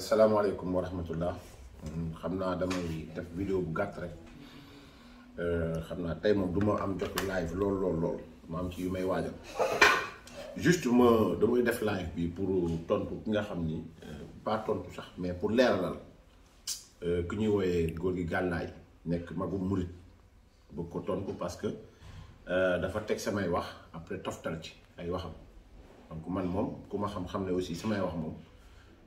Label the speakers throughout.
Speaker 1: salaamaaleykum wa rahmatullah mm, xam naa damay def vidéo bu gàtt rek euh, xam naa tey moom du ma am jot live lool lool lool ma am ci yu may waajal juste ma damay def live bi pour tontu ki nga xam ni euh, pas tontu sax mais pour leeralal euh, ki ñuy wooyee góor gi gàllaay nekk magu murit bëgg ko tontu parce que dafa teg samay wax après toftal ci ay waxam donc man moom ku ma xam-xam ne aussi samay wax moom.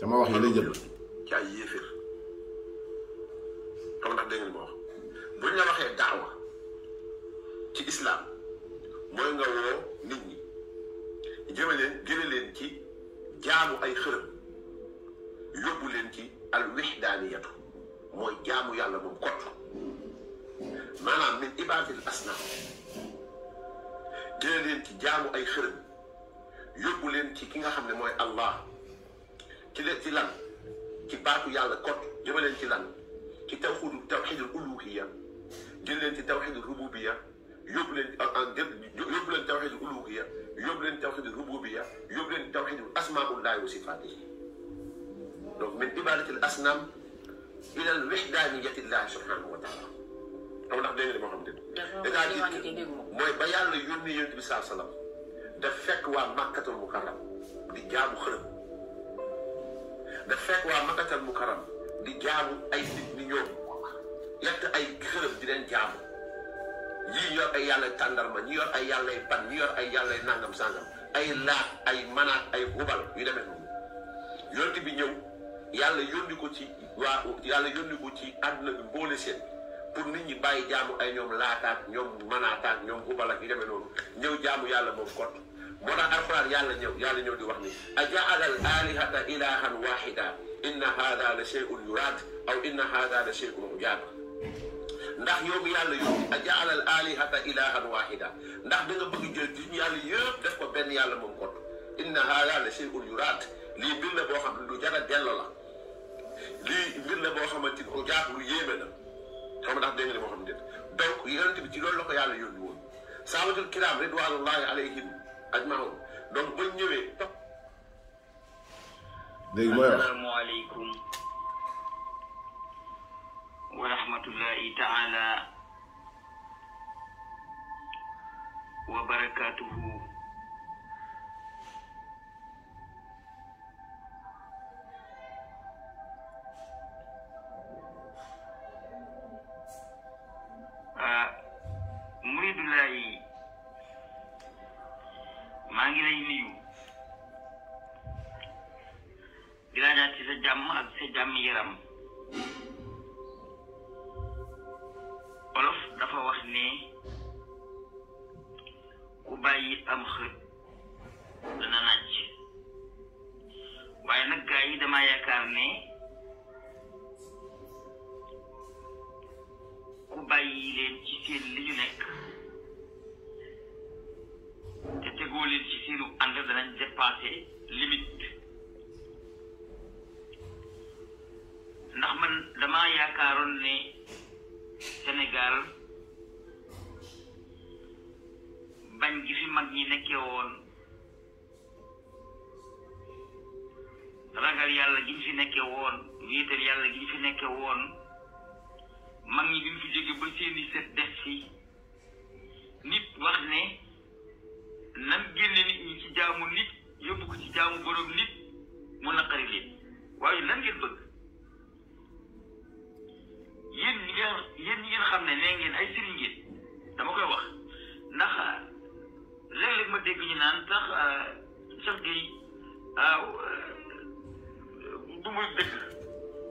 Speaker 1: sama wax yi lay jël ci ay yéeféer xam ndax dégg ngeen ma wax buñ la waxee daawa ci islam mooy nga woo nit ñi jëme leen jële leen ci jaamu ay xërëm yóbbu leen ci al wixdaaniyatu mooy jaamu yàlla moom kott maanaam min ibadil asna jële leen ci jaamu ay xërëm yóbbu leen ci ki nga xam ne mooy allah ci leen ci lan ci baatu yàlla kot jëme leen ci lan ci tawxiidu tawxiidul uluhiya jël leen ci tawxiidul rububiya yóbbu leen en yóbbu leen tawxiidul uluhiya yóbbu leen tawxiidul rububiya yóbbu leen tawxiidul asmaullahi wa sifaatihi donc min ibadatil asnam ila al wahdaniyati llahi subhanahu wa taala xam ndax dégg nga li ma xam ne dangaa ji mooy ba yàlla yónni yonent bi saa salaam daf fekk waa màkkatul mukarram di jaamu xërëm nga fekk waa makatal mu karam di jaamu ay nit ni ñoom yett ay xërëm di leen jaamu ñii yor ay yàlla tàndarma ñi yor ay yàlla ban ñi yor ay yàlla nangam sangam ay laat ay manaat ay hubal yu deme noonu yonti bi ñëw yàlla yónni ko ci waa yàlla yónni ko ci àdduna bi boole seen pour nit ñi bàyyi jaamu ay ñoom laataat ñoom manaataat ñoom hubal ak yu demee noonu ñëw jaamu yàlla moom kot moo tax alquran yàlla ñëw yàlla ñëw di wax ni ajaal al alihata ilahan waxida inna hada la shay'un yuraad aw inna hada la shay'un ujaab ndax yow mi yàlla yóbbu ajaal al alihata ilahan waxida ndax da nga bëgg jël juñ yàlla yëpp def ko benn yàlla moom kott inna hada la shay'un yuraad lii mbir la boo xam ne lu jar a dello la lii mbir la boo xamante ni ujaab lu yéeme na xam ndax dégg nga li moo xam ne donc yonente bi ci loolu la ko yàlla yónni woon saabatul kiram ridwanullahi alayhim ajmaun donc ba ñëwee topp dégg ma asalaamu aleykum wa rahmatullahi taala wa barakatuhu muridulaay maa ngi lay nuyu di la ñaan sa jàmm ak sa jàmm yaram olof dafa wax ne ku bàyyi am xët dana nàcc waaye nag gaa dama yaakaar ne ku bàyyi leen ci seen li nekk te tegoo leen ci seenu ànd danañ dépassé limite ndax man damaa yaakaaroon ne Sénégal bañ gi fi mag ñi nekkee woon ragal yàlla gi ñu fi nekkee woon wéetal yàlla gi fi nekkee woon mag ñi bi fi jóge ba seeni set def nit wax ne nan génne nit ñi ci jaamu nit yóbbu ko ci jaamu borom nit mu naqari leen waaye lan ngeen bëgg yéen ñi ngeen xam ne nee ngeen ay sëriñ ngeen dama koy wax ndax léeg-léeg ma dégg ñu naan tax sax euh, gi euh, du muy dëgg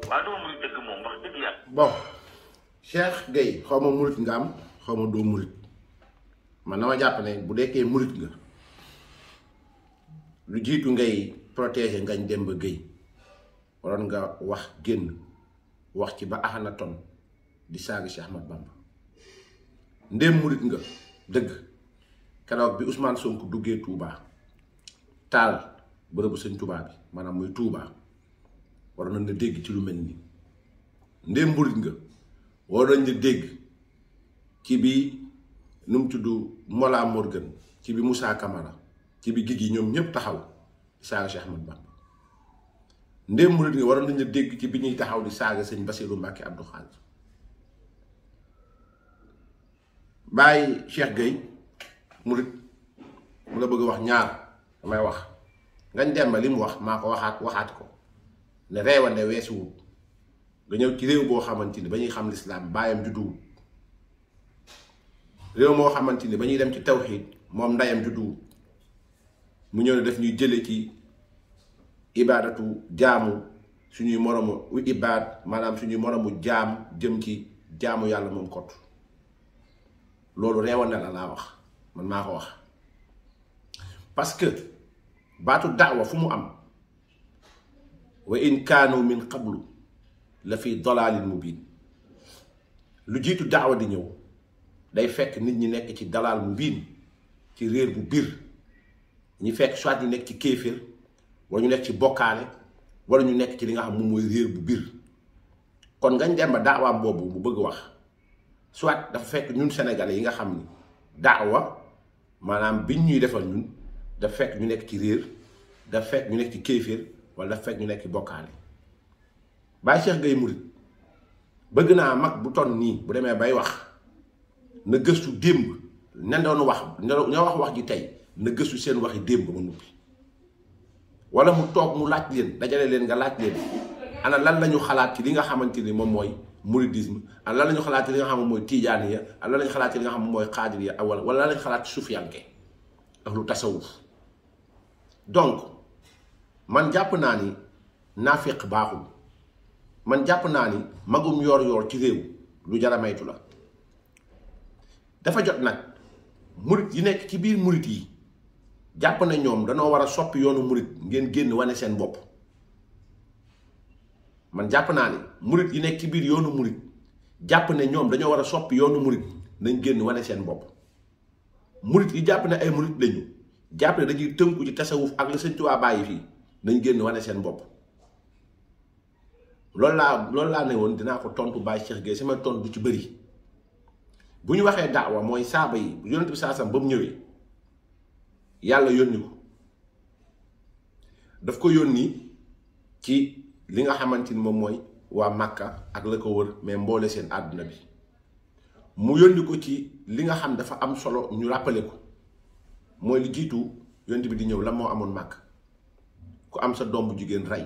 Speaker 1: waaw dama muy dëgg moom wax dëgg yàlla bon Cheikh Gueye xaw ma murit nga am xaw ma doo murit man dama japp ne bu dekkee murit nga lu jitu ngay protéger ngañ dem ba géy waron nga wax genn wax ci ba ahna ton di saaga Cheikh Ahmad Bamba ndem murit nga deug keroog bi Ousmane Sonko tal, Touba tal bërëbu seigne Touba bi manam muy Touba waron na la ci lu melni ndem nga waron na ci bi nu mu tudd Mola Morgan ci bi Moussa Camara ci bi gig yi ñoom ñëpp taxaw di saaga Cheikh Ahmad Bamba ndéem murit nañ dégg ci bi ñuy taxaw di saaga sëñ Bassirou Mbacké Abdou Khadre bàyyi Cheikh Gueye murit mu la bëgg wax ñaar damay wax ngañ dem ba li mu wax maa ko waxaat waxaat ko ne weesu weesuwut nga ñëw ci réew boo xamante ni ba ñuy xam lislaam bàyyam judduwut réew moo xamante ni ba ñuy dem ci tawxid moom ndayam juddu mu ñëw ne daf ñuy jële ci ibaadatu jaamu suñuy moromu u ibaad maanaam suñuy moromu jaam jëm ci jaamu yàlla moom kott loolu reewal ne la laa wax man maa ko wax parce que baatu daawa fu mu am wa in kaanu min qablu la fi dalaalin mubin lu jiitu daawa di ñëw day fekk nit ñi nekk ci dalaal mbiin ci réer bu biir ñi fekk soit ñu nekk ci kéeféer wala ñu nekk ci bokkaale wala ñu nekk ci li nga xam moom mooy bu biir kon ngañ dem boobu mu bëgg wax soit dafa fekk ñun sénégalais yi nga xam ni daawa maanaam biñ ñuy defal ñun dafa ñu nekk ci réer dafa fekk ñu nekk ci wala dafa ñu nekk ci bokkaale Baye Cheikh Gueye bëgg naa mag bu ton nii bu demee bay wax na gëstu démb ña doon wax ña wax wax ji tey na gëstu seen waxi démb ba noppi wala mu toog mu laaj leen dajale leen nga laaj leen ana lan lañu xalaat ci li nga xamante ni moom mooy mouridisme ana lan la ñu xalaat ci li nga xam mooy tijaaniya ana lan la ñu xalaat ci li nga mooy xaadiriya wala wala lan la xalaat ci sufiyanke ak lu tasawuf donc man jàpp naa ni naafiq baaxul man jàpp naa ni magum yor-yor ci réew lu jaramaytu la. dafa jot nak murit yi nek ci bir murit yi japp na ñom dañu wara a soppi yoonu murit ngeen genn wané seen bop man japp na ni murit yi nek ci bir yoonu murit japp na ñom dañu wara a soppi yoonu murit nañ genn wané seen bop murit yi japp na ay murit lañu japp na dañuy teunku ci tasawuf ak le seigne touba baye fi nañ genn wané seen bop loolu la loolu la ne dina ko tontu Baye Cheikh sama tontu ci beuri bu ñu waxee daawa mooy saaba yi yonent bi saasam ba mu ñëwee yàlla yónni ko daf ko yónni ci li nga xamante ni moom mooy waa Makka ak la ko wër mais mboole seen àdduna bi mu yónni ko ci li nga xam dafa am solo ñu rappelé ko mooy li jiitu yonent bi di ñëw la moo amoon Makka ku am sa doom bu jigéen rey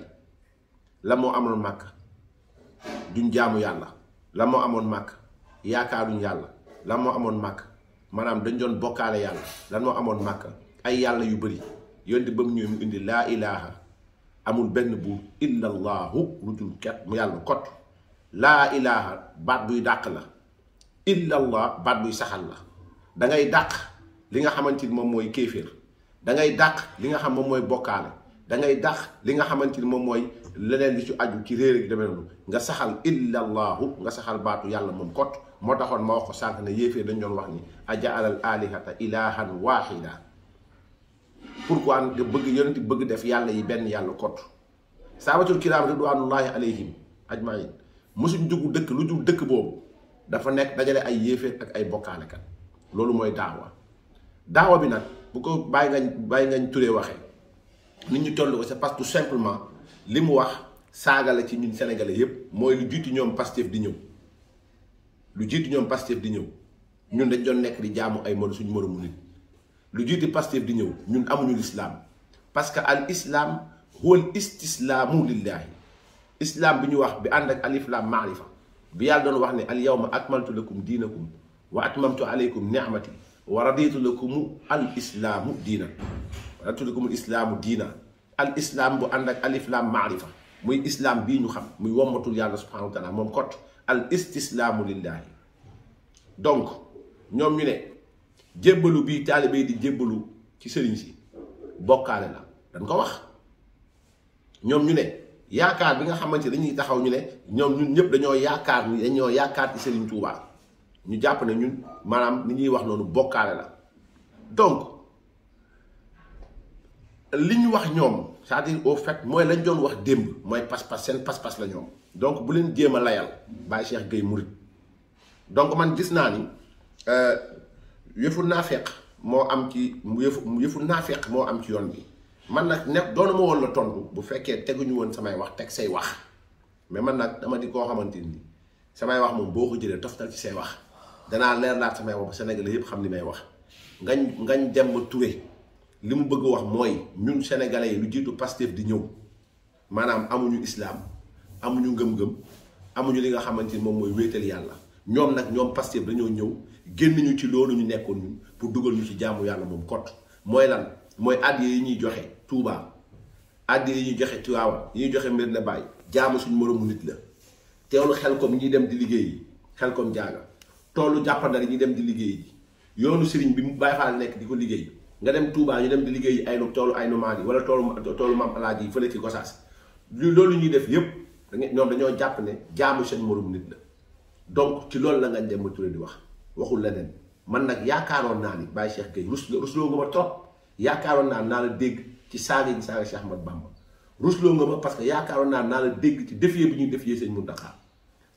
Speaker 1: la moo amoon Makka duñ jaamu yàlla la moo amoon Makka yaakaaruñ yàlla lan moo amoon màkk maanaam dañ doon bokkaale yàlla lan moo amoon màkk ay yàlla yu bëri yonte ba mu ñëw mu indi laa ilaha amul benn buur illa allahu lu dul ket mu yàlla kot laa ilaha baat buy dàq la illa allah baat buy saxal la da ngay dàq li nga xamante ni moom mooy kéeféer da ngay dàq li nga xam moom mooy bokkaale da ngay dàq li nga xamante ni moom mooy leneen li ci aju ci réer ak demee noonu nga saxal illa allahu nga saxal baatu yàlla moom kot moo taxoon ma wax ko sànq ne yéefee dañ doon wax ni aja alal alihata ilahan waaxida pourquoi nga bëgg yonent bëgg def yàlla yi benn yàlla kott saabatul kiraam ridwanullahi alayhim ajmain mosuñ jugu dëkk lu jug dëkk boobu dafa nekk dajale ay yéefee ak ay bokkaalekat loolu mooy daawa daawa bi nag bu ko bàyyi ngañ bàyyi ngañ turee waxee nit ñu toll ko c'est parce que tout simplement li mu wax saaga la ci ñun sénégalais yépp mooy lu jiitu ñoom Pastef di ñëw lu jiitu ñom pasteur di ñëw ñun dañ doon nek di jaamu ay mor suñu moromu nit lu jiitu pasteur di ñëw ñun amuñu l'islam parce que al islam huwa al istislaamu lillah islam biñu wax bi ànd ak alif lam ma'rifa bi yàlla doon wax ne al yawma akmaltu lakum dinakum wa atmamtu alaykum ni'mati wa raditu lakum al islaamu diina raditu lakum al islaamu dinan al islam bu ànd ak alif lam ma'rifa muy islam bi ñu xam muy womatul yàlla subhanahu wa taala mom kot al lillah donc ñom ñu né jébbalu bi talibé di jébbalu ci sëriñ ci bokalé la dañ ko wax ñom ñu né bi nga xamanté dañuy taxaw ñu né ñom ñun ñëpp dañoo ni dañoo ci ñu ñun ni wax donc li wax ñom c'est-à-dire au fait moy lañ doon wax démb moy pass pass sen pass pass la ñom donc bu leen jéem layal Baye Cheikh Gueye Mouride donc man gis na ni euh yefu naafeq mo am ci yëfu yefu naafeq mo am ci yoon bi man nak nekk doonu ma woon la tondu bu fekkee teguñu won samay wax tek say wax mais man nak dama di ko xamante ni samay wax mom boko jëlé jëlee toftal ci say wax dana leer laat samay wax Sénégalais yépp xam li may wax ngañ ngañ dem ba Touré li mu bëgg wax mooy ñun sénégalais yi lu jiitu Pastef di ñëw maanaam amuñu islaam amuñu ngëm-ngëm amuñu li nga xamante ni moom mooy wéetal yàlla ñoom nag ñoom Pastef dañoo ñëw génn ñu ci loolu ñu nekkoon ñun pour dugal ñu ci jaamu yàlla moom kot mooy lan mooy addiya yi ñuy joxe Touba addiya yi ñuy joxe Tiwaawan yi ñuy joxe Medina Baye jaamu suñu moroomu nit la teewlu xel kom ñuy dem di liggéey xel kom jaaga toolu jàppandal yi ñuy dem di liggéey ji yoonu sëriñ bi mu Baay Faal di ko liggéey nga dem Touba ñu dem di liggéey ay nu toolu ay nu maag yi wala toolu toolu maam alaaj yi fële ci Gosaas loolu ñuy def yëpp dañuy ñoom dañoo jàpp ne jaamu seen moroom nit la donc ci loolu la nga dem ma Touré di wax waxul leneen man nag yaakaaroon naa ni Baye Cheikh Gueye rus rusloo nga ma trop yaakaaroon naa naa dégg ci saaga yi saaga Cheikh Ahmad Bamba rusloo nga parce que yaakaaroon naa naa la dégg ci défier bi ñuy défier seen Mountakha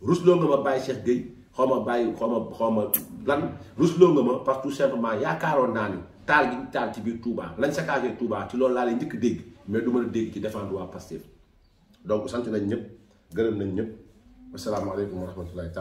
Speaker 1: rusloo nga ma bàyyi Cheikh Gueye xaw ma bàyyi xaw ma xaw ma lan rusloo nga ma parce que tout simplement yaakaaroon naa ni taal gi taal ci biir Touba lañ saccagé Touba ci loolu laa lay njëkk dégg mais du mën a dégg ci défendre waa Pastef donc sant nañ ñëpp gërëm nañ ñëpp asalaamaaleykum wa rahmatullahi taala